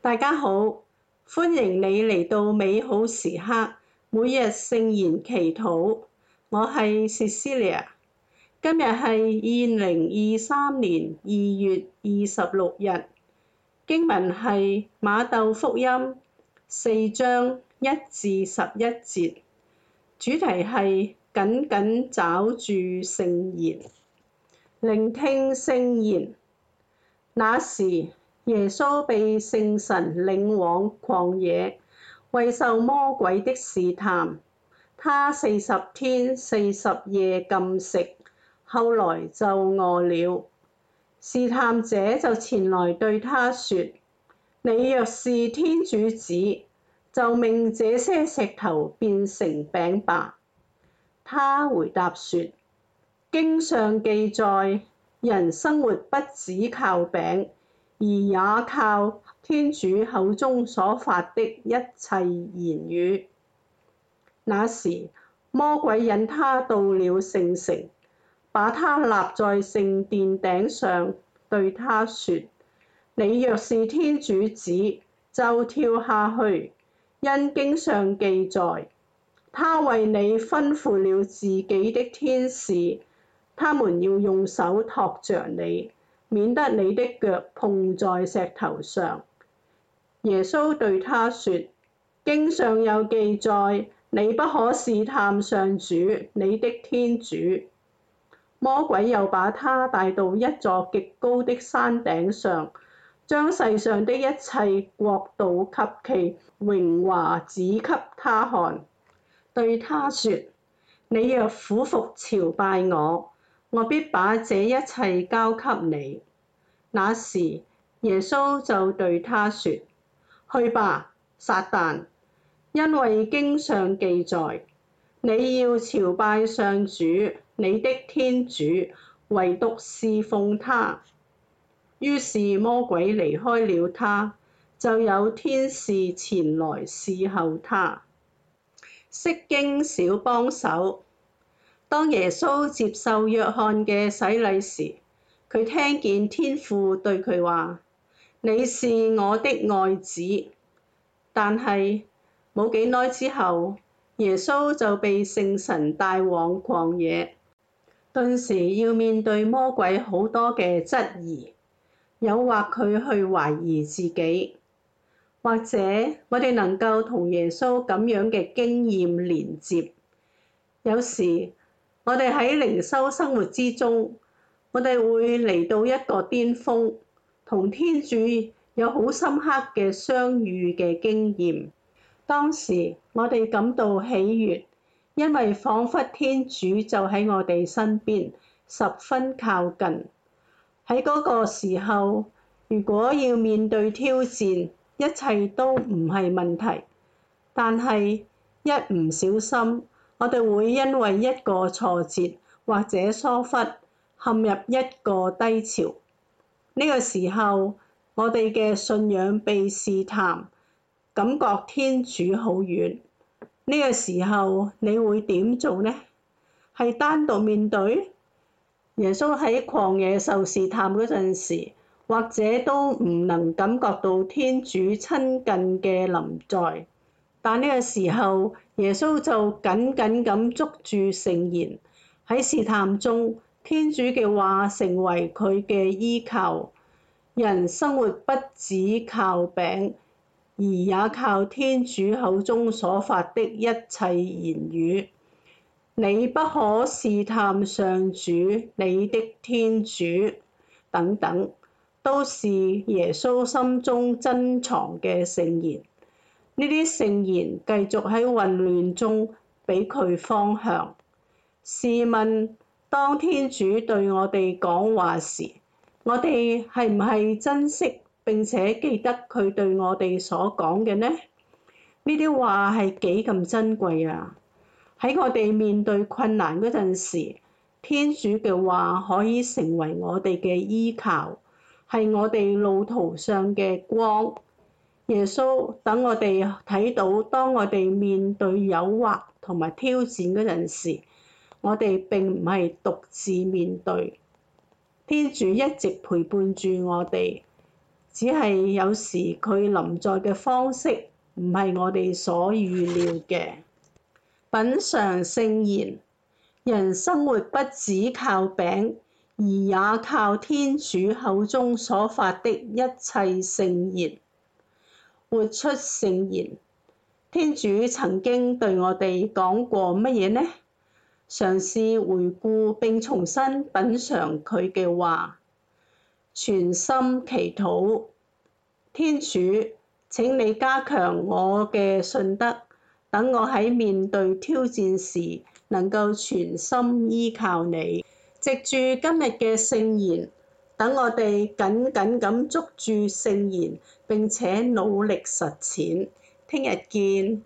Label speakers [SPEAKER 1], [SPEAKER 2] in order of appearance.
[SPEAKER 1] 大家好，歡迎你嚟到美好時刻每日聖言祈禱。我係薛思 c ilia，今日係二零二三年二月二十六日，經文係馬豆福音四章一至十一節，主題係緊緊抓住聖言，聆聽聖言。那時，耶穌被聖神領往曠野，為受魔鬼的試探。他四十天四十夜禁食，後來就餓了。試探者就前來對他說：你若是天主子，就命這些石頭變成餅吧。他回答說：經上記載，人生活不只靠餅。而也靠天主口中所發的一切言語。那時，魔鬼引他到了聖城，把他立在聖殿頂上，對他說：你若是天主子，就跳下去。因經上記載，他為你吩咐了自己的天使，他們要用手托著你。免得你的腳碰在石頭上。耶穌對他說：經上有記載，你不可試探上主你的天主。魔鬼又把他帶到一座極高的山頂上，將世上的一切國度及其榮華指給他看，對他說：你若俯伏朝拜我。我必把這一切交給你。那時，耶穌就對他說：去吧，撒殫，因為經上記載，你要朝拜上主，你的天主，唯獨事奉他。於是魔鬼離開了他，就有天使前來侍候他。釋經小幫手。當耶穌接受約翰嘅洗禮時，佢聽見天父對佢話：「你是我的愛子。」但係冇幾耐之後，耶穌就被聖神帶往曠野，頓時要面對魔鬼好多嘅質疑，誘惑佢去懷疑自己。或者我哋能夠同耶穌咁樣嘅經驗連接。有時，我哋喺靈修生活之中，我哋會嚟到一個巔峰，同天主有好深刻嘅相遇嘅經驗。當時我哋感到喜悅，因為仿佛天主就喺我哋身邊，十分靠近。喺嗰個時候，如果要面對挑戰，一切都唔係問題，但係一唔小心。我哋會因為一個挫折或者疏忽，陷入一個低潮。呢個時候，我哋嘅信仰被試探，感覺天主好遠。呢個時候，你會點做呢？係單獨面對？耶穌喺曠野受試探嗰陣時，或者都唔能感覺到天主親近嘅臨在。但呢個時候，耶穌就緊緊咁捉住聖言。喺試探中，天主嘅話成為佢嘅依靠。人生活不只靠餅，而也靠天主口中所發的一切言語。你不可試探上主，你的天主，等等，都是耶穌心中珍藏嘅聖言。呢啲聖言繼續喺混亂中俾佢方向。試問，當天主對我哋講話時，我哋係唔係珍惜並且記得佢對我哋所講嘅呢？呢啲話係幾咁珍貴啊！喺我哋面對困難嗰陣時，天主嘅話可以成為我哋嘅依靠，係我哋路途上嘅光。耶穌等我哋睇到，當我哋面對誘惑同埋挑戰嗰陣時，我哋並唔係獨自面對，天主一直陪伴住我哋，只係有時佢臨在嘅方式唔係我哋所預料嘅。品嚐聖言，人生活不只靠餅，而也靠天主口中所發的一切聖言。活出聖言，天主曾經對我哋講過乜嘢呢？嘗試回顧並重新品嚐佢嘅話，全心祈禱，天主，請你加強我嘅信德，等我喺面對挑戰時能夠全心依靠你。藉住今日嘅聖言。等我哋緊緊咁捉住聖言，並且努力實踐，聽日見。